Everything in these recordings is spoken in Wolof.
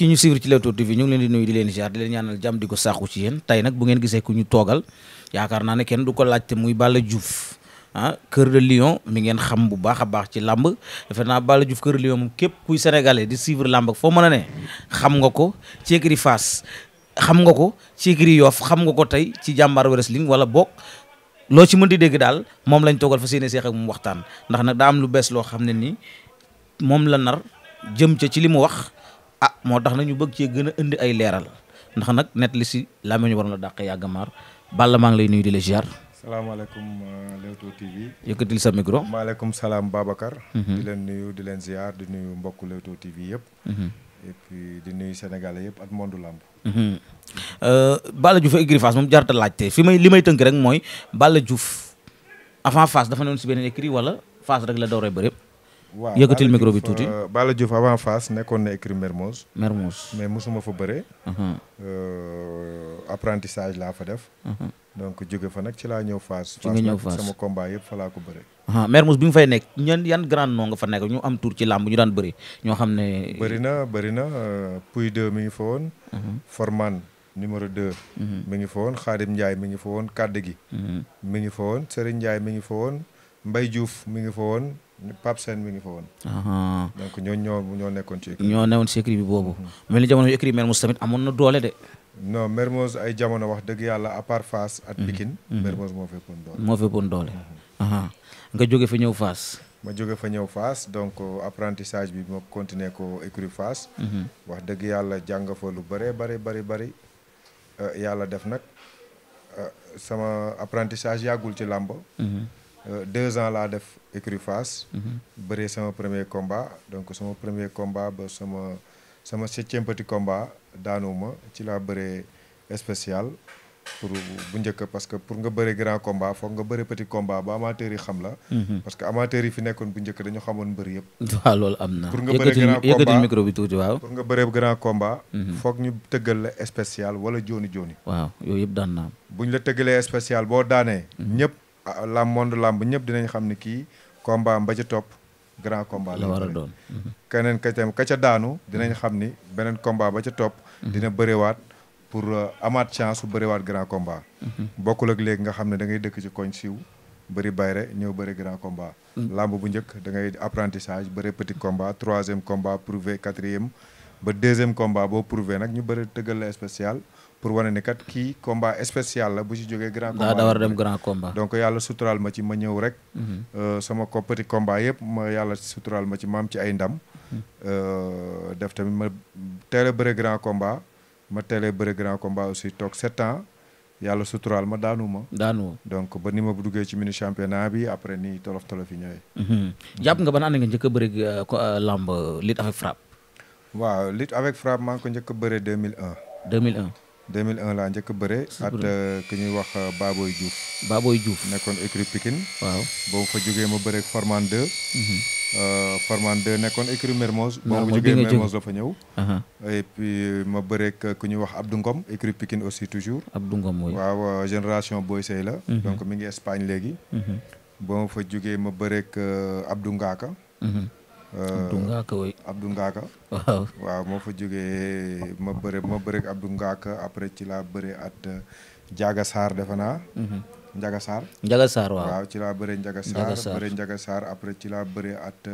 mbokk ñu suivre ci Leewtoo TV ñu ngi leen di nuyu di leen ziar di leen ñaanal jàmm di ko sàqu ci yéen tey nag bu ngeen gisee ku ñu toogal yaakaar naa ne kenn du ko laajte muy Balla Diouf ah kër de Lion mi ngeen xam bu baax a baax ci làmb defe naa Balla Diouf kër de Lion moom képp kuy sénégalais di suivre làmb foo ma a ne xam nga ko ci écurie Fass xam nga ko ci écurie Yoff xam nga ko tey ci jàmbaar wrestling walla boog loo ci mën di dégg daal moom lañ toogal fa seen seex ak mu waxtaan ndax nag daa lu bees loo xam ne nii moom la nar jëm ci li wax ah moo tax na ñu bëgg cee gën a indi ay leeral ndax nag net li si laame ñu waroon la dàq yàgg maar Balla maa ngi lay nuyu di la ziar. salaamaaleykum euh, Leewtoo TV. yëkkatil sa micro. maaleykum salaam Babacar. Mhm. di leen nuyu di leen ziar di nuyu mbokku Leewtoo TV yëpp. Mhm. et puis di nuyu Sénégalais yëpp ak monde lamb. Mhm. Euh, Balla Diouf ak Gris Fass moom jarta laajte fi may li may tënk rek mooy Balla Diouf avant Fass dafa newoon si beneen écrit wala Fass rek la dooree bëri. waaw yëkkatil micro bi tuuti euh, Bala Diouf avant Fass nekkoon ne écrit Mermoz. Mermoz mais mosuma fa bëre. Uh-huh. Euh, apprentissage laa fa def. Uh-huh. donc jóge fa nag ci laa ñëw Fass. ci nga ñëw Fass sama combat yëpp fa laa ko bëre. Uh-huh. Mermoz bi mu fay nekk ñan yan grand nom nga fa nekk ñu am tour ci làmb ñu daan bëri ñoo xam ne. bëri na bëri na euh, Pouy 2 mi ngi fa woon. Forman numéro 2. mi ngi fa woon Khadim Ndiaye mi ngi fa woon Kadde gi. mi ngi fa woon Serigne mi ngi fa woon Mbaye mi ngi fa Pape Sène mi ngi fa woon. donc ñooñu ñoo ñoo nekkoon ci. ñoo newoon si bi boobu. Mhm. mel ni jamono yu écrit Mermoz tamit amoon na doole de. non Mermoz ay jamono wax dëgg yàlla à part at ak mhm. Pikine. Mhm. moo fekkoon doole. moo fekkoon doole. nga jóge fa ñëw Fass. ma jóge fa ñëw Fass donc apprentissage bi ma continuer ko écrit Fass. wax dëgg yàlla jàng fa lu bëree bëri bëri bëri euh, yàlla def nag euh, sama apprentissage yàggul ci làmb. Euh, deux ans laa def écurie Fass. Mhm. bëree sama premier combat donc sama premier combat ba sama sama septième petit combat daanuma ci laa bëree spécial pour bu njëkk parce que pour nga bëre grand combat foog nga bëre petit combat ba amateurs yi xam la. Mhm. parce que amateurs yi fi nekkoon bu njëkk dañu xamoon mbër yëpp. waaw loolu am na. pour nga bëre grand combat micro bi tuuti waaw. pour nga bëre grand combat. Mhm. foog ñu tëggal la spécial wala jooni jooni. waaw yooyu yëpp daan naa. buñ la tëggalee spécial boo daanee. ñëpp. Ah, la monde làmb ñëpp dinañ xam ne kii combat ba ca topp grand combat la doon mhm. keneen ka tam ka daanu dinañ xam ni beneen combat ba ca topp mhm. dina bëriwaat pour euh, amaat chance bu bëriwaat grand combat mhm. bokkul ak léegi nga xam ne da ngay dëkk ci koñ siiw bëri bayre ñëw bëri grand combat làmb bu njëkk da ngay apprentissage bëri petit combat troisième combat prouvé quatrième ba deuxième combat boo prouvé nag ñu bëri tëggal la spécial pour wane ni kat kii combat spécial la bu si jógee grand combat war dem grand combat donc yàlla suturaal ma ci ma ñëw rek mhm. euh, sama ko petit combat yëpp ma yàlla suturaal ma ci maam ci ay ndam euh, def tamit ma teel a grand combat ma teel a bëre grand combat aussi toog sept ans yàlla suturaal ma daanu ma. daanu donc ba ni ma duggee ci mini championnat bi après ni tolof tolof yi ñëwee. Mhm. jàpp nga ban année nga njëkk a bëri euh, lamb lutte avec frappe. waaw lutte avec frappe maa ngi ko njëkk a bëree 2001. 2001. 2001 laa njëkk a bëre at euh, ki ñuy wax euh, Baboy Diouf. Baboy Diouf nekkoon écurie Pikine. waaw ba fa jógee ma bëreeg Forman 2. Mhm. Euh, Forman 2 nekkoon écurie Mermoz. waaw ma jógee Mermoz la fa ñëw. et ma bëreeg ku ñuy wax Abdou Ngom écurie Pikine aussi toujours. Abdou Ngom oui. waaw génération booy Sey la. Mhm. donc mi ngi Espagne léegi. Mhm. ba ma fa jógee ma bëreeg Abdou Ngaka. Abdou Ngaka waaw moo fa jógee ma bëre ma bëre ak Abdou après ci laa bëre at Ndiaga Sarr defe naa mhm. Ndiaga Sarr Ndiaga waaw ci laa bëre Ndiaga Sarr bëre après ci laa bëre at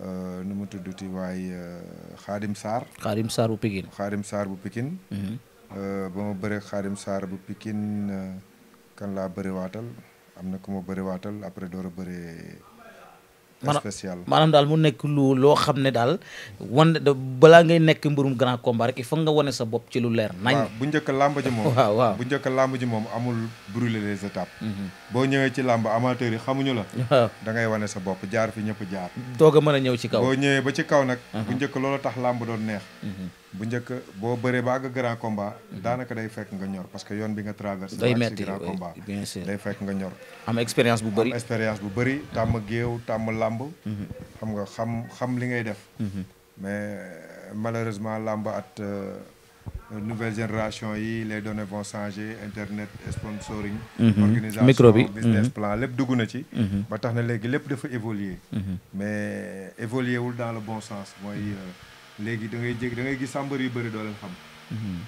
euh, nu mu tudduti waaye euh, Xaadim Sarr Xaadim Sarr bu Pikine Xaadim Sarr bu Pikine mhm. euh, ba ma bëre Xaadim Sarr bu pikin kan laa bëre waatal am na ku ma bëre waatal après door a spécial maanaam daal mu nekk lu loo xam ne daal wan balaa ngay nekk mbirum grand combat rek il faut nga wane sa bopp ci lu leer nañ waaw bu njëkk làmb ji moom waaw waaw bu njëkk làmb ji moom amul brûler les étapes mhm. boo ñëwee ci làmb amateur yi xamuñu la waaw da ngay wane sa bopp jaar fi ñëpp jaar doog a mën a ñëw ci kaw boo ñëwee ba ci kaw nag mhm. bu njëkk loolu tax làmb doon neex mhm. bu njëkk boo bëree ba àgg grand combat daanaka day fekk nga ñor parce que yoon bi nga traversé day metti grand combat bien day fekk nga ñor am expérience bu bëri am bu bëri tàmm géew tàmm làmb mhm. xam nga xam xam li ngay def mhm. mais malheureusement làmb at euh, nouvelle génération yi les données bon changer internet sponsoring mhm. organisation micro bi business plan lépp dugg na ci ba tax na léegi lépp dafa évoluer mais évoluer wul dans le bon sens mooy euh, léegi da ngay jég gis sax mbër yu bëri doo leen xam. Mhm.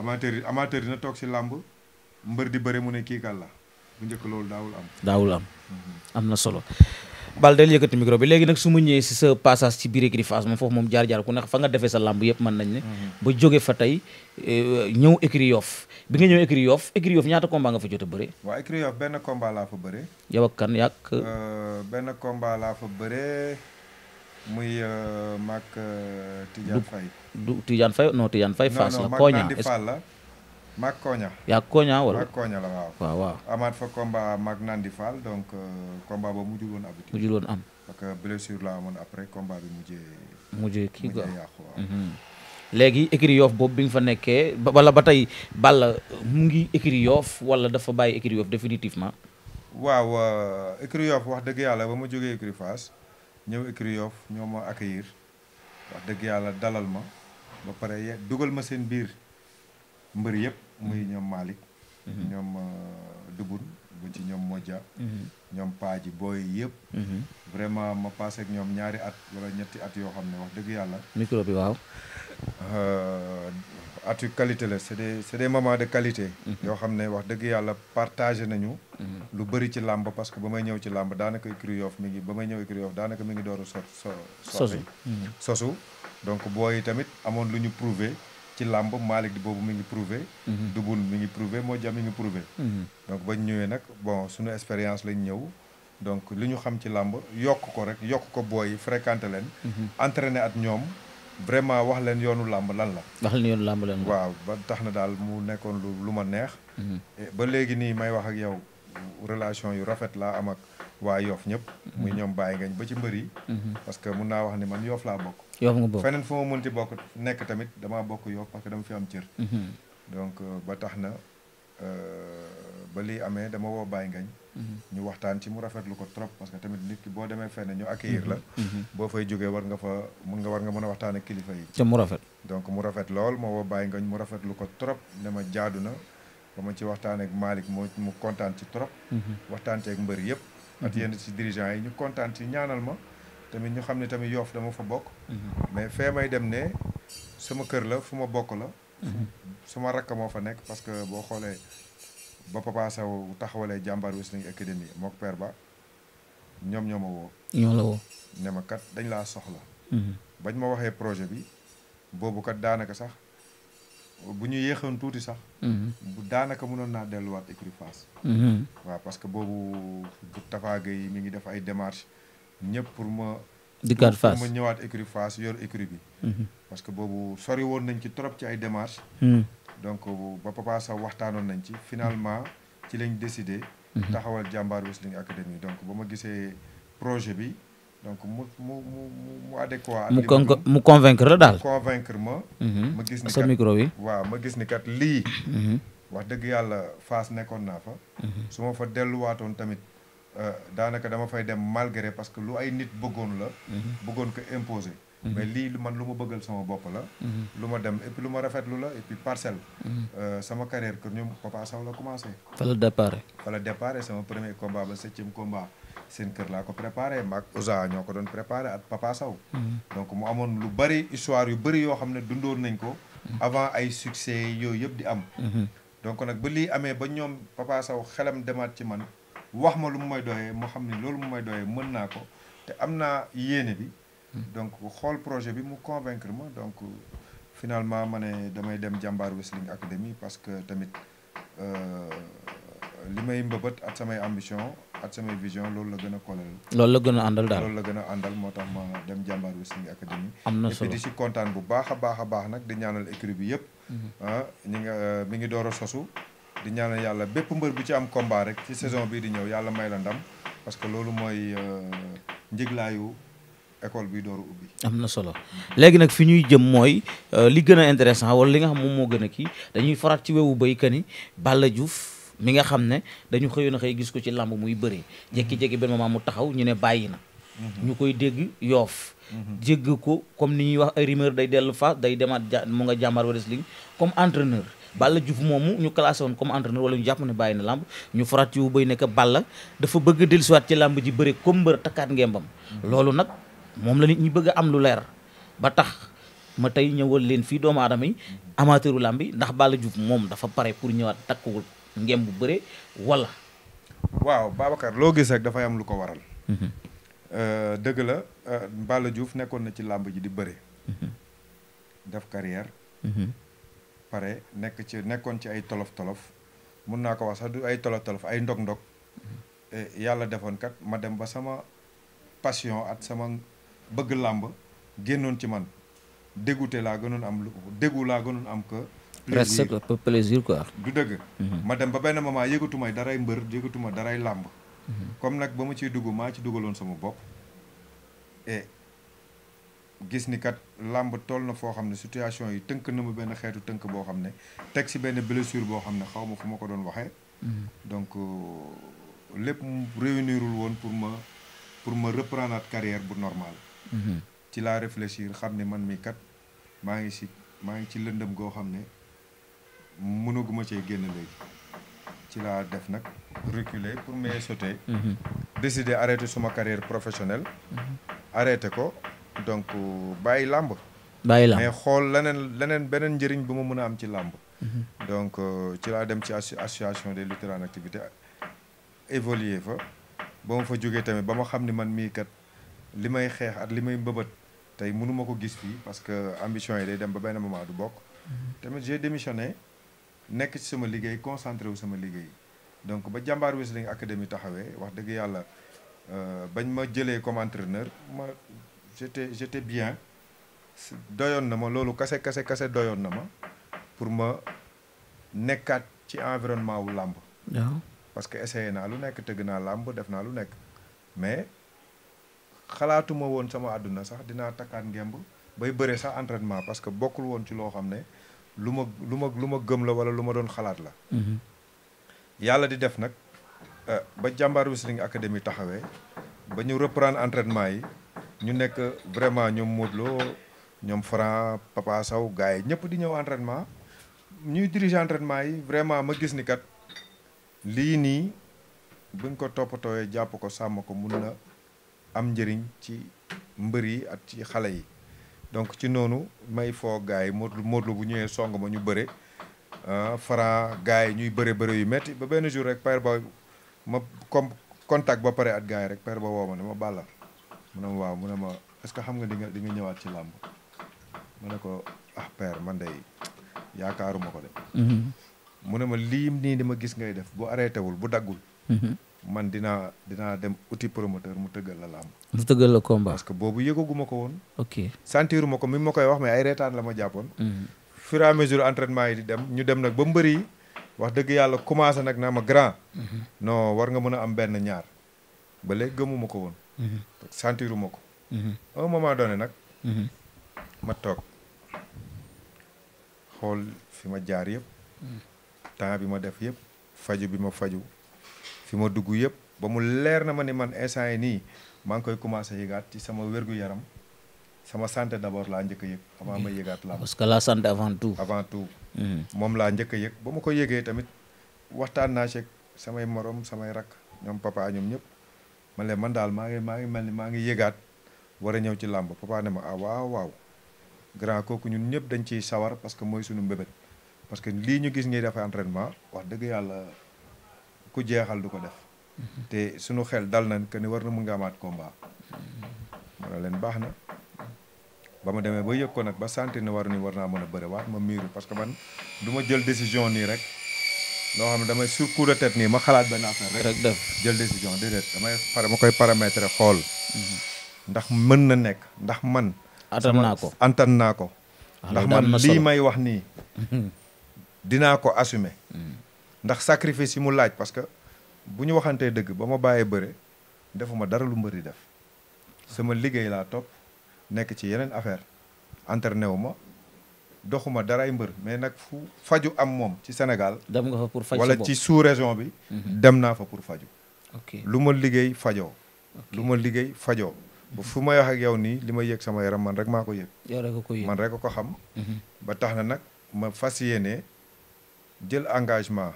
amateur yi amateur na toog si làmb mbër di bëri mu ne kii kan la bu njëkk loolu daawul am. daawul am mhm. am na solo. Bal del yëkkati micro bi léegi nag su ma ñëwee si sa passage ci biir écurie Fass moom foofu moom jaar-jaar ku ne fa nga defee sa làmb yëpp man nañ ne. Mhm. ba jóge fa tey eh, ñëw écurie Yoff bi nga ñëw écurie Yoff écurie ñaata combat nga fa jot a bëre. waaw écurie benn combat fa bëre. yow ak kan benn combat laa fa muy euh, mag euh, Tidiane Faye. du Tidiane Faye non Tidiane Faye. Fass la Koña non non la. mag Koña. waaw. waaw amaat fa combat mag Nandi Fall donc euh, combat boobu mujjul woon abouti. am. parce que blessure la amoon après combat bi mujjee. mujjee kii mhm. léegi écurie Yoff boobu bi nga fa nekkee ba wala ba tey Balla mu ngi écurie Yoff wala dafa bàyyi écurie Yoff définitivement. waaw écurie Yoff wax dëgg yàlla ba ma jógee écurie Fass. ñëw écurie Yoff ñoo ma wax dëgg yàlla dalal ma ba pare dugal ma seen biir mbër yëpp muy ñoom Malick mhm. ñoom euh, Dubun bu ci ñoom Modja mhm. ñoom Paaji booy yëpp mhm. vraiment ma passé ak ñoom ñaari at wala ñetti at yoo xam ne wax dëgg yàlla micro bi waaw euh, at yu qualité la c'est des c'est des moments de qualité. Mhm. yoo xam ne wax dëgg yàlla partagé nañu. Mhm. lu bëri ci làmb parce que ba may ñëw ci làmb daanaka écurie Yoff mi ngi ba may ñëw écurie Yoff daanaka mi ngi door a so mhm. sosu donc booy tamit amoon lu ñu prouver ci làmb Malick di boobu mu ngi prouvé. Dubul mi ngi prouvé moo jam mi ngi prouvé. donc bañ ñëwee nag bon suñu expérience lañu ñëw. donc li ñu xam ci làmb yokk ko rek yokk ko booy fréquenté leen. entraîné at ñoom. vraiment wax leen yoonu làmb lan la. wax leen yoonu làmb waaw ba tax na daal mu nekkoon lu lu ma neex. Mhm. ba léegi nii may wax ak yow relation yu rafet laa am ak waa yoof ñëpp. Mhm. muy ñoom bàyyi ngañ ba ci mbër yi. Mhm. parce que mun naa wax ni man yoof laa bokk. Yoff nga bokk feneen fu ma mënti bokk nekk tamit dama bokk Yoff parce que dama fi am cër. donc euh, ba tax na euh, ba lii amee dama woo bàyyi ngañ. Mm-hmm. ñu waxtaan ci mu rafetlu ko trop parce que tamit nit ki boo demee fenn ñu accueillir la mm-hmm. Mm-hmm. boo fay jógee war nga fa mun nga war nga mën a waxtaan ak kilifa yi te mu rafet donc mu rafet lool moo bàyyi ngañ mu rafetlu ko trop ne ma jaadu na ba ma ci waxtaan ak Malick moo mu kontaan ci trop waxtaan ci ak mbër yëpp ak yenn ci dirigeants yi ñu kontaan ci ñaanal ma tamit ñu xam ne tamit yoof dama fa bokk mais fee may dem ne sama kër la fu ma bokk la suma rakk moo fa nekk parce que boo xoolee ba Papa Sow taxawalee jàmbaar wrestling academy mook père ba ñoom ñoo ma woo. ñoo la ne ma kat dañ laa soxla. Mhm. bañ ma waxee projet bi boobu kat daanaka sax bu ñu yéexoon tuuti sax. Mhm. bu daanaka mënoon naa delluwaat écurie Fass. Mhm. waaw parce que boobu Tafa Gueye mi ngi def ay démarches ñëpp pour ma. dikkaat Fass pour ma ñëwaat écurie Fass yor écurie bi. parce que boobu sori woon nañ ci trop ci ay démarche donc ba Papa waxtaanoon nañ ci finalement ci lañ décidé. Mhm. taxawal jàmbaar wrestling academy donc ba ma gisee projet bi donc mu mu mu mu adéquat. mu con mu convaincre la daal. convaincre ma. Mhm. ma gis ni kat micro bi. waaw ma gis ni kat lii. Mhm. wax dëgg yàlla Fass nekkoon naa fa. su ma fa delluwaatoon tamit euh, daanaka dama fay dem malgré parce que lu ay nit bëggoon la. bëggoon ko imposer. Mm-hmm. mais lii man lu ma bëggal sama bopp la. Mm-hmm. lu ma dem et lu ma rafet lu la et parcelle. Mm-hmm. Euh, sama carrière kër ñoom Papa la commencé. fa la départ. fa la départ sama premier combat ba septième combat seen kër laa ko préparé maag Ousa ñoo ko doon préparé ak Papa Sow. donc mu amoon lu bari histoire yu bari yoo xam ne dundoon nañ ko. avant ay succès yooyu yëpp di am. donc nag ba lii amee ba ñoom Papa Sow xelam demaat ci man wax ma lu mu may doyee moo xam ne loolu mu may mën naa ko te am naa yéene bi. donc xool projet bi mu convaincre ma donc finalement ma ne damay dem jàmbaar Wrestling Academy parce que tamit euh, li may mbëbët ak samay ambition ak samay vision loolu la gën a kolal loolu la gën a àndal daal loolu la gën a àndal moo tax ma dem jàmbaar Wrestling Academy am na solo di si kontaan bu baax a baax a baax nag di ñaanal écurie bi yëpp mhm. ah, ñi nga euh, mi ngi door a sosu di ñaanal yàlla bépp mbër bu ci am combat rek ci saison bii di ñëw yàlla may la ndam parce que loolu mooy euh, njëglaayu école bi dooru ubbi. am na solo léegi nag fi ñuy jëm mooy euh, li gën a intéressant wala li nga xam moom moo gën a kii dañuy faraat ci wewu béykat yi Balla Diouf mi nga xam ne dañu xëyoon a gis ko ci làmb muy bëri mm-hmm. jékki-jékki benn mu taxaw ñu ne bàyyi na. Mm-hmm. ñu koy dégg yoof jégg mm-hmm. ko comme ni ñuy wax ay rumeur day dellu fa day demaat ja mu nga jàmbaar wrestling comme entraîneur. Balla Diouf moomu ñu classé woon comme entraîneur wala ñu jàpp ne bàyyi na làmb ñu farat ci wu bay nekk Balla dafa bëgg dellusiwaat ci làmb ji bëre comme mbër takkaat ngembam loolu nag moom la nit ñi bëgg a am lu leer ba tax ma tey ñëwal leen fii doomu aadama yi amateuru làmb yi ndax Balla Diouf moom dafa pare pour ñëwaat takkuwul ngem bu bëre wala. waaw Babacar loo gis rek dafay am lu ko waral. Mhm. Euh, dëgg la euh, Balla Diouf nekkoon na ci làmb ji di bëre. Mhm. def carrière. Mhm. pare nekk ci nekkoon ci ay tolof tolof mun naa ko wax sax du ay tolof tolof ay ndog-ndog yàlla defoonkat ma dem ba sama pasiyon at sama bëgg làmb génnoon ci man déggute laa gënoon am lu dégoût laa gënoon am que plaisir presque plaisir du dëgg. Mhm. ma dem ba benn moment yëgatuma daray mbër yëgatuma daray làmb. Mhm. comme nag ba ma ciy dugg maa ci dugaloon sama bopp. et gis ni kat làmb tool na foo xam ne situation yi tënk na ma benn xeetu tënk boo xam ne teg si benn blessure boo xam ne xaw ma fu ma ko doon waxee. Mhm. donc euh, lépp mu réunirul woon pour ma pour ma reprendre carrière bu normal Mm-hmm. ci laa réfléchir xam ne man mii kat maa ngi si maa ngi ci lëndëm goo xam ne mënaguma cee génn léegi ci laa def nag reculer pour mieux sauter. Mm-hmm. décider arrêter suma carrière professionnelle. Mm-hmm. arrêté ko donc bàyyi làmb. bàyyi làmb mais xool leneen leneen beneen njëriñ bu ma mën a am ci làmb. donc euh, ci laa dem ci association des lutteurs en activité évoluer fa ba ma fa jógee tamit ba ma xam ne man mii kat. li may xeex ak li may mbëbët tey mënuma ko gis fii parce que ambition yi day dem ba benn moment du bokk. Mhm. tamit j'ai démissionné nekk ci sama liggéey concentré wu sama liggéey donc ba jàmbaar Wrestling Academy taxawee wax dëgg yàlla euh, bañ ma jëlee comme entraîneur ma j'étais j'étais bien doyoon na ma loolu kase kase kase doyoon na ma pour ma nekkaat ci environnement wu làmb parce que essayé naa lu nekk tëgg naa làmb def naa lu nekk xalaatuma woon sama àdduna sax dinaa takkaat ngemb bay bëre sax entraînement parce que bokkul woon ci loo xam ne lu ma lu ma lu ma gëm la wala lu ma doon xalaat la mhm. yàlla di def nag euh, ba jàmbaar wrestling académie taxawee ba ñu reprendre entraînement yi ñu nekk vraiment ñoom Modou ñoom Franc Papa Sow gars yi ñëpp di ñëw entraînement ñuy diriger entraînement yi vraiment ma gis ni kat lii nii buñ ko toppatooyee jàpp ko sàmm ko mun na am njëriñ ci mbër yi ak ci xale yi donc ci noonu may foo gars yi Modou Modou bu ñëwee song ma ñu bëre ah, Franc gars yi ñuy bëre bëre yu metti ba benn jour rek père ba ma comme contact ba pare at gars yi rek père ba woo ma ne ma bàllal mun ne ma waaw mu ne ma est que xam nga di nga ñëwaat ci làmb mu ne ko ah père man day yaakaaruma ko de mm-hmm. mu ne ma lii nii di ma gis ngay def bu arrêté wul bu daggul mm-hmm. man dinaa dinaa dem outil promoteur mu tëggal la làmb mu tëggal la combat parce que boobu yëgaguma ko woon. ok sentir ko mi ma koy wax mais ay reetaan la ma jàppoon. Mm. fur et à yi di dem ñu dem nag ba mbëri yi wax dëgg yàlla commencé nag naa ma grand. Mm-hmm. non war nga mën a am benn ñaar ba léegi gëmuma ko woon. Mm-hmm. sentiruma ko. Mm-hmm. un moment donné nag. ma toog xool fi ma jaar yëpp. Mm. temps bi ma def yëpp faju bi ma faju. fi ma dugg yëpp ba mu leer na ma ni man instant yi nii maa ngi koy commencé yëgaat ci sama wér-gu-yaram sama santé d'abord laa njëkk a yëg avant ma yëgaat laa parce que la santé avant tout avant tout hmm. moom laa njëkk a yëg ba ma ko yëgee tamit waxtaan naa ceeg samay moroom samay rakk ñoom papaa ñoom ñëpp ma leen man daal maa ngi maa ngi mel ni maa ngi yëgaat war a ñëw ci làmb papa ne ma ah waaw waaw grand kooku ñun ñëpp dañ ciy sawar parce que mooy suñu mbébét parce que lii ñu gis ngay defee entraînement wax dëgg yàlla ku jeexal du ko def te sunu xel dal na que ni war na mu nga amaat combat ma ne leen baax na ba ma demee ba yëg ko nag ba sentir ne war ni war naa mën a bëriwaat ma miiru parce que man du ma jël décision nii rek loo xam damay sur de tête ma xalaat benn affaire rek def jël décision déedéet damay pare ma koy paramétrer xool ndax mën na nekk ndax man antan naa ko antan naa ko ah, ndax man lii may wax nii dinaa ko assumer mm. ndax sacrifice yi mu laaj parce que bu ñu waxantee dëgg ba ma bàyyee bëre defuma dara lu mbër di def sama liggéey laa topp nekk ci yeneen affaire entraîné wu ma doxuma dara ay mbër mais nag fu faju am moom ci Sénégal. dem nga fa pour faj ci sous région bi. Mhm. dem naa fa pour faju ok lu ma liggéey fajoo. lu ma liggéey fajoo. bu fu ma wax ak yow nii li ma yëg sama yaram man rek maa ko yëg. yow rek ko yëg man rek ko xam. Mhm. ba tax na nag ma fas yéene jël engagement.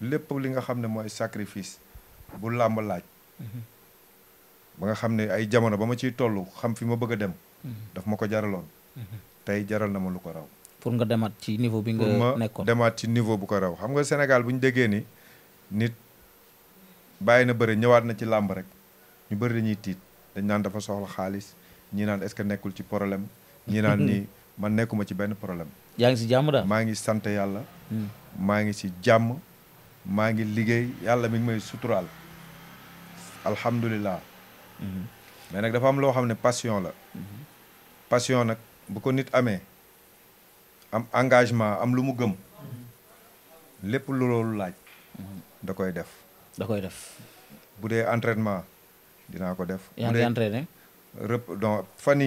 lépp li nga xam ne mooy sacrifice bu làmb laaj. Mhm. ba nga xam ne ay jamono ba ma ciy toll xam fi ma bëgg a dem. Mhm. daf ma ko jaraloon. Mhm. tey jaral na ma lu ko raw. pour nga demaat ci niveau bi nga nekkoon demaat ci niveau bu ko raw xam nga Sénégal bu ñu déggee ni nit bàyyi na bëre ñëwaat na ci làmb rek ñu bëri dañuy tiit dañ naan dafa soxla xaalis ñii naan est-ce que nekkul ci problème. ñi naan ni ma nekkuma ci benn problème. yaa ngi si jàmm daal maa ngi sant yàlla. Mm. maa ngi si jàmm. maa ngi liggéey yàlla mi ngi may suturaal alhamdulilah. Mhm. mais nag dafa am loo xam ne passion la. Mhm. passion nag bu ko nit amee am engagement am lu mu gëm lépp lu loolu laaj. Mhm. da koy def. da koy def. bu dee entraînement dinaa ko def. yaa ngi entraîné. rëpp donc fan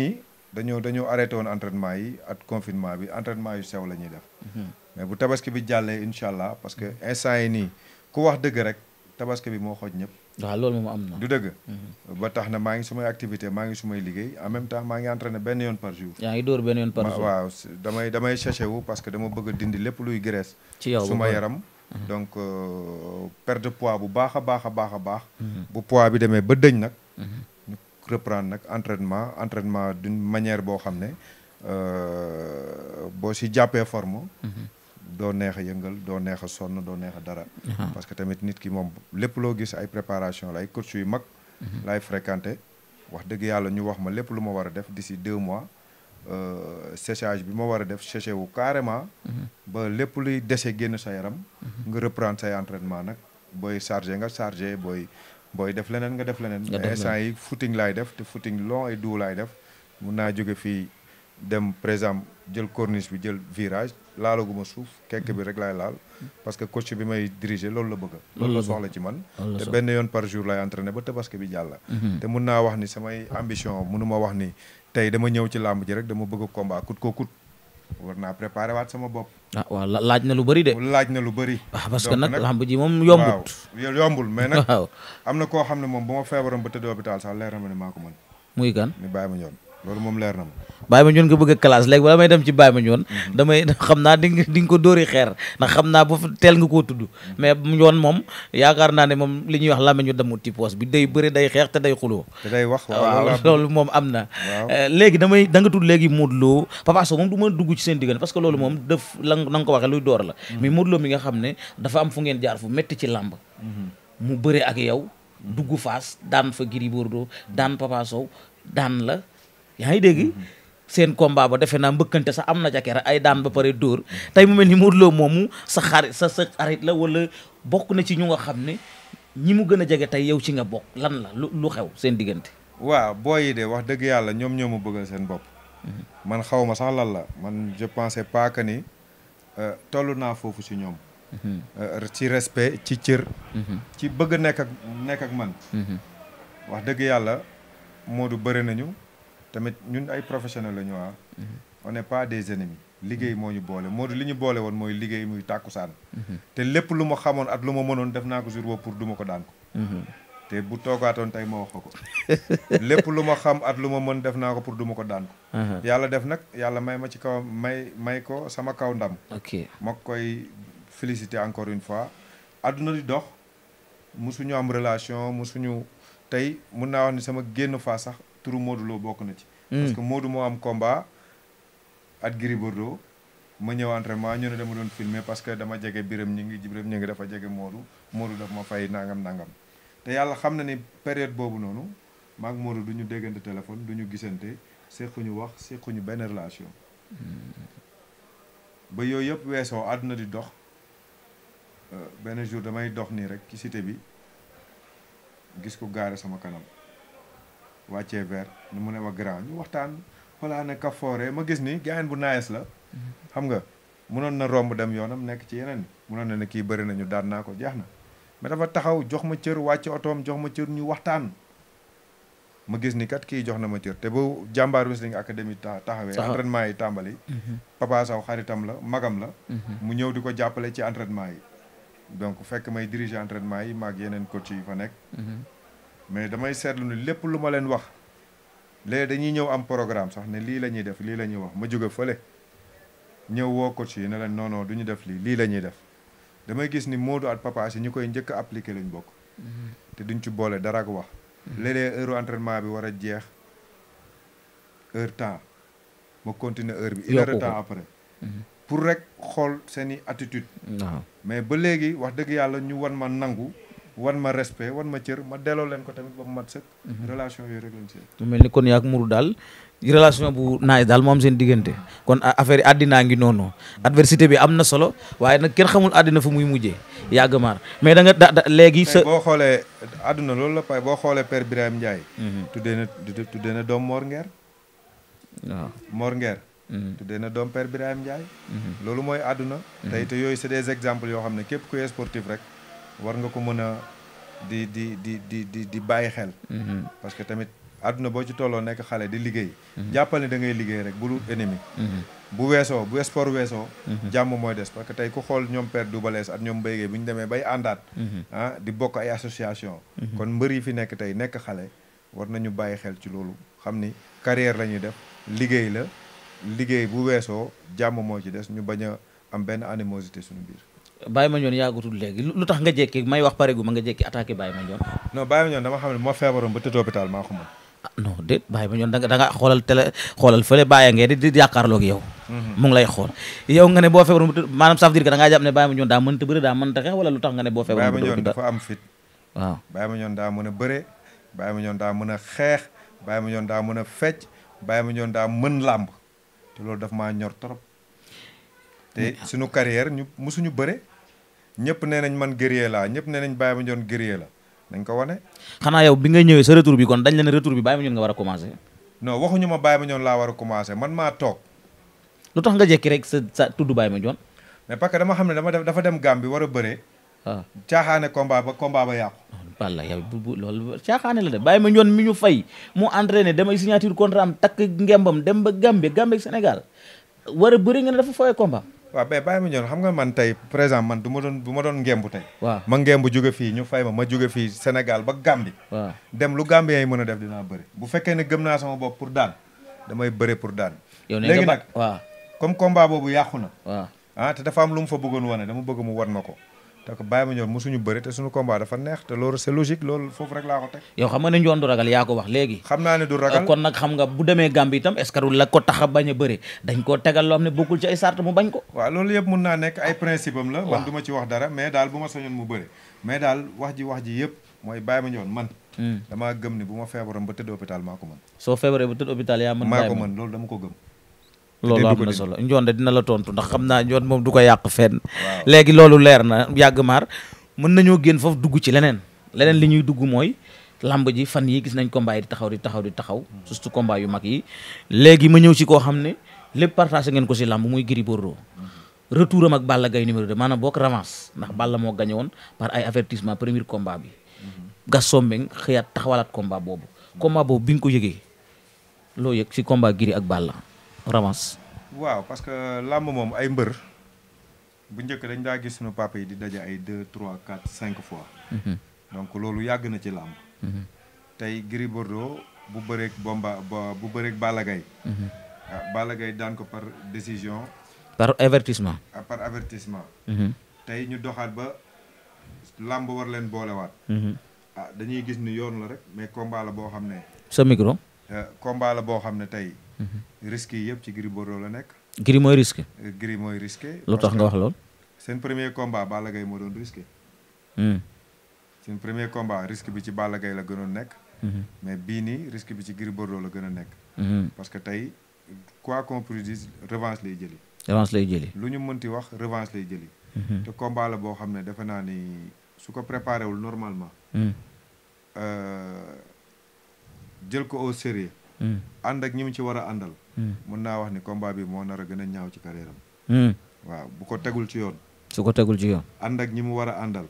dañoo dañoo arrêté woon entraînement yi ak confinement bi entraînement yu sew la ñuy def. Mhm. mais bu tabaski bi jàllee incha allah parce que instant yi nii ku wax dëgg rek tabaski bi moo xooj ñëpp. waaw loolu moom am na. du dëgg. Mhm. ba tax na maa ngi sumay activité maa ngi sumay liggéey en même temps maa ngi entraîné benn yoon par jour. yaa ngi dóor benn yoon par jour waaw damay damay wu parce que dama bëgg dindi lépp luy graisse. ci yow suma yaram. Mhm. donc euh, perte de poids bu baax a baax a baax a baax. bu poids bi demee ba dëñ nag. reprendre nag entraînement entraînement d'une manière boo xam ne euh, boo si jàppee forme mhm. doo neex a yëngal doo neex a sonn doo neex a dara mhm. parce que tamit nit ki moom lépp loo gis ay préparation la ay coach yu mag mhm. laay fréquenté wax dëgg yàlla ñu wax ma lépp lu ma war a def d'ici deux mois euh, séchage bi ma war a def séché wu carrément ba lépp luy dese génn sa yaram nga reprendre say entraînement nag booy chargé nga chargé booy booy def leneen nga def leneen. nga def yi footing laay def te footing long et doux laay def mun naa jóge fii dem par exemple jël corniche bi jël virage laalaguma suuf kekk bi rek laay laal parce que coach bi may diriger loolu la bëgg. loolu la soxla ci man. te benn yoon par jour lay entraîné ba tabaski bi jàll. Mhm. te mun naa wax ni samay ambition mënuma wax ni tey dama ñëw ci làmb ji rek dama bëgg combat kut ko kut. war naa préparer waat sama bopp. ah waaw laaj na lu bari de. laaj na lu bëri. waaw ah, parce que nag lamb ji moom yombut. waaw yombul mais nag. waaw am na koo xam ne moom bu ma feebaroon ba tëdd hôpital sax leer na ma ne maa ko mën. muy gan ñu bàyyi ma ñoon loolu moom leer na ma. Baye Mandione nga bëgg a classe léegi wala may dem ci Baye Mandione mhm. damay xam naa di nga di nga ko dóori xeer xam naa bu teel nga koo tudd mhm. mais Mandione moom yaakaar naa ne moom li ñuy wax lame ñu demut ci poos bi day bëri day xeex te day xuloo te day wax waaw loolu moom am na euh, léegi damay da tudd léegi Modou Lo Papa Sow moom du ma dugg ci seen diggante parce que loolu moom def la na nga ko waxee luy door la mhm. mais Modou Lo mi nga xam ne dafa am fu ngeen jaar fu metti ci làmb mu bëre ak yow dugg faas daan fa Gris Bordeaux daan Papa Sow daan la yaa ngi dégg mhm. seen combat ba defe naa mbëkkante sax am na ca ay daan ba pare dóor tey mu mel ni Modou loo moomu sa xarit sa sa xarit la wala bokk na ci ñu nga xam ne ñi mu gën a jege tey yow ci nga bokk lan la lu xew seen diggante. waa booy yi de wax dëgg yàlla ñoom ñoo ma bëgg seen bokk mhm. man xaw ma sax lan la man je pensais pas que ni euh, tollu naa foofu ci ñoom. Mhm. Euh, ci respect ci cër. ci bëgg nekk ak nekk ak man. wax dëgg yàlla Modou bëri nañu. tamit ñun ay professionnels la ñu ah. Mhm. on n'est pas des ennemis. liggéey mhm. moo ñu boole moo di li ñu boole woon mooy liggéey muy tàkkusaan mhm. te lépp lu ma xamoon at lu ma mënoon def naa ko jour boobu pour ma ko daan ko. te bu toogaatoon tey ma wax ko ko lépp lu ma xam at lu ma mën def naa ko pour duma ko daan ko. yàlla def nag yàlla may ma ci kaw may may ko sama kaw ndam. ok ma koy féliciter encore une fois. àdduna di dox musuñu am relation musuñu tey mun naa wax sama génn faa sax. turu Modou bokk na ci. Mm. parce que Modou moo am combat at Gris Bordeaux ma ñëw entraînement ñu ne dama doon filmer parce que dama jege biram ñu ngi biram ñu ngi dafa jege Modou Modou daf ma fay nangam nangam te yàlla xam na ni période boobu noonu maak Modou du ñu déggante téléphone du ñu gisante seexu ñu wax séquñu benn relation. Mm. ba yooyu yëpp weesoo àdduna di dox euh, benn jour damay dox nii rek ci cité bi gis ko gaare sama kanam. wàccee vert nu mu ne ma grand ñu waxtaan voilà ne kafoore ma gis ni gaayen bu naes la xam nga munoon na romb dem yoonam nekk ci yeneen munoon na ne kii bëri nañu daan naa ko jeex na mais dafa taxaw jox ma cër wàcce otoom jox ma cër ñu waxtaan ma gis ni kat kii jox na ma cër te bu jàmbaar wrestling académie ta taxawee entraînement yi tàmbali mhm. Papa Sow xaritam la magam la mhm. mu ñëw di ko jàppale ci entraînement yi donc fekk may diriger entraînement yi maag yeneen coach yi fa nekk mhm. mais damay seetlu ni lépp lu ma leen wax léegi dañuy ñëw am programme sax ne lii la ñuy def lii la ñuy wax ma jóge fële ñëw woo ko yi ne leen non non du ñu def lii lii la def damay gis ni Modou ak Papa si ñu koy njëkk a appliqué lañ bokk. Mm-hmm. te duñ ci boole dara ak wax. Mm-hmm. léeg-léeg heure entraînement bi war a jeex heure temps ma continuer heure bi. une heure temps après. Mm-hmm. pour rek xool seen i attitude. Ah. mais ba léegi wax dëgg yàlla ñu wan ma nangu. wan ma respect wan ma cër ma delloo leen ko tamit ba mu mat sëkk. Mhm. relation yooyu rek lañ mel ni kon yaa ak Mourou daal relation bu naaj daal moom seen diggante kon affaire yi àddinaa ngi noonu. adversité bi am na solo waaye nag kenn xamul àddina fu muy mujjee yàgg maar mais da nga da léegi. sa boo xoolee àdduna loolu la pay boo xoolee père Birahim Ndiaye. Mhm. tuddee na tuddee na doom Mor Nguer. waaw Mor Nguer. Mhm. tuddee na doom père Birahim Ndiaye. loolu mooy àdduna. tey te yooyu c'est des exemples yoo xam ne képp ku kuy sportif rek. war nga ko mën a di di di di di di bàyyi xel. Mm-hmm. parce que tamit àdduna boo ci tolloo nekk xale di liggéey. Mm-hmm. jàppal ne da ngay liggéey rek bu bul ennemi. Mm-hmm. bu weesoo bu sport weesoo. jàmm mooy des parce que tey ku xool ñoom du Doubalees ak ñoom béygee bu ñu demee bay àndaat. ah di bokk ay association kon mbër yi fi nekk tey nekk xale war nañu bàyyi xel ci loolu xam ni carrière la ñuy def liggéey la liggéey bu weesoo jàmm moo ci des ñu bañ a am benn animosité suñu biir. Baye Mandione yàggutul léegi lu tax nga jékki may ma nga jékki attaqué Baye Mandione. non Baye Mandione dama xam ne moo feebaroon ba tëdd hôpital maa ko moom. ah non déet Baye Mandione da nga da nga xoolal télé xoolal fële bàyyi ngeen mhm. ba tëdd da ngaa jàpp daa mënta bëre daa mënta xeex wala lu tax nga ne boo feebaroon ba tëdd hôpital Baye Mandione dafa am fit. waaw Baye Mandione daa mën a bëre Baye Mandione daa mën a xeex Baye Mandione daa mën a fecc Baye Mandione daa mën làmb te loolu daf maa ñor trop te ah. suñu carrière ñu musuñu bëre ñëpp nee nañ man guerrier la ñëpp nee nañ Baye Mandione guerrier la dañ ko wane. xanaa yow bi nga ñëwee sa retour bi kon dañ la ne retour bi Baye Mandione nga a commencé. ma Baye Mandione laa war a commencé man maa toog. lu tax nga jekki rek sa sa tudd Baye Mandione. mais parce que dama xam ne dama dafa dem Gambie war a bëree. waaw ah. caaxaane combat ba combat ba yàqu. walla ah, yow bu bu loolu caaxaane la de Baye Mandione mi ñu fay mu entraîné damay signature contrat am takk ngembam dem ba Gambie Gambie ak Sénégal war a bëri nga ne dafa fooyee combat. waaw mais bàyyi ma ñëw xam nga man tey par man du ma doon bu ma doon ngemb tey waaw ma ngemb jóge fii ñu fay ma ma jóge fii Sénégal ba Gambie dem lu Gambien yi mën a def dinaa bëri bu fekkee ne gëm naa sama bopp pour daan damay bëre pour daan léegi nag waaw comme combat boobu yàqu na waaw ah, te dafa am lu mu fa bëggoon wane dama bëgg mu wan ma ko te ko bàyyi ma ñoon mosuñu bëri te suñu combat dafa neex te loolu c'est logique loolu foofu rek laa ko teg yow xam ne njoon du ragal yaa ko wax léegi xam naa ne du ragal euh, kon nag xam nga bu demee Gambie itam est ko a a bëri dañ koo tegal loo xam ne bokkul ci ay mu bañ ko waaw loolu yëpp mun naa nekk ay principe am la man du ma ci wax dara mais daal bu ma sañoon mu bëri mais daal wax ji wax ji yëpp mooy bàyyi ma ñoon man hmm. damaa gëm ni bu ma feebaroon ba tëdd hôpital maa ko mën soo feebaree ba tëdd hôpital yaa mën ko gëm loolu am na solo njoon de dina la tontu ndax xam naa njoon moom du ko yàq fenn léegi loolu leer na yàgg maar mën nañoo génn foofu dugg ci leneen leneen li ñuy dugg mooy lamb ji fan yi gis nañ combat yi di taxaw di taxaw di taxaw surtout combat yu mag yi léegi ma ñëw ci koo xam ne lépp partagé ngeen ko ci lamb muy Gris Bordeaux retour am Balla Gaye numéro 2 maanaam bokk revanche ndax Balla moo gagné woon par ay avertissement premier combat bi mhm. Gaston Mbengue xëyaat taxawalaat combat boobu combat boobu bi nga ko yëgee loo yëg si combat Gris ak Balla ramas waaw parce que làmb moom ay mbër bu njëkk dañ daa gis suñu papa yi di daje ay deux trois quatre cinq fois mhm. donc loolu yàgg na ci làmb mhm. tey Gris Bordeaux bu bëreeg bomba bu bëreeg Balla Gaye mhm. ah, Balla Gaye daan ko par décision par avertissement ah, par tey ñu doxaat ba làmb war leen boolewaat ah dañuy gis ni yoon la rek mais combat boo xam ne sa micro euh, combat boo xam ne tey Mm-hmm. risques yi yëpp ci Gris Bordeaux la nekk. Gris mooy risque. Eh, Gris mooy risque. lu tax nga wax lool. seen premier combat Balla gay moo doon risqué. Mm. seen premier combat risque bi ci Balla gay la gënoon nekk. Mm-hmm. mais bii nii risque bi ci Gris Bordeaux la gën a nekk. Mm-hmm. parce que tey quoi qu'on puisse dire revanche lay jëli. revanche lay jëli. lu ñu mënti wax revanche lay jëli. te combat la boo xam ne defe naa ni su ko préparé wul normalement. Mm. Euh, jël ko au sérieux Hmm. ànd ak ñi mu ci war a àndal. mun hmm. naa wax ni combat bi moo nar gën a ñaaw ci carrière am. Hmm. waaw bu ko tegul ci yoon. su ko tegul ci yoon. ànd ak ñi mu war a àndal.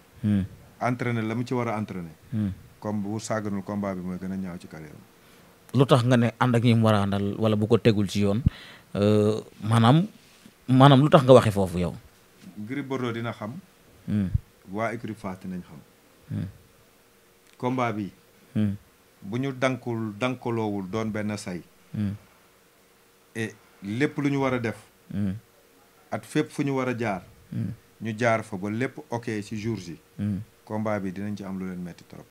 entraîné la mu ci war a entraîné. comme bu sàgganul combat bi mooy gën a ñaaw ci carrière lu tax nga ne ànd ak ñi mu war a àndal wala bu ko tegul ci yoon euh, maanaam maanaam lu tax nga waxe foofu yow. Gris Bordeaux dina xam. waa écurie Fass nañ xam. combat bi. bu ñu dankul dankaloowul doon benn say mm. lépp lu ñu war a def mm. at fépp fu ñu war a jaar mm. ñu jaar fa ba lépp ok ci jour ji combat bi dinañ ci am lu leen metti trop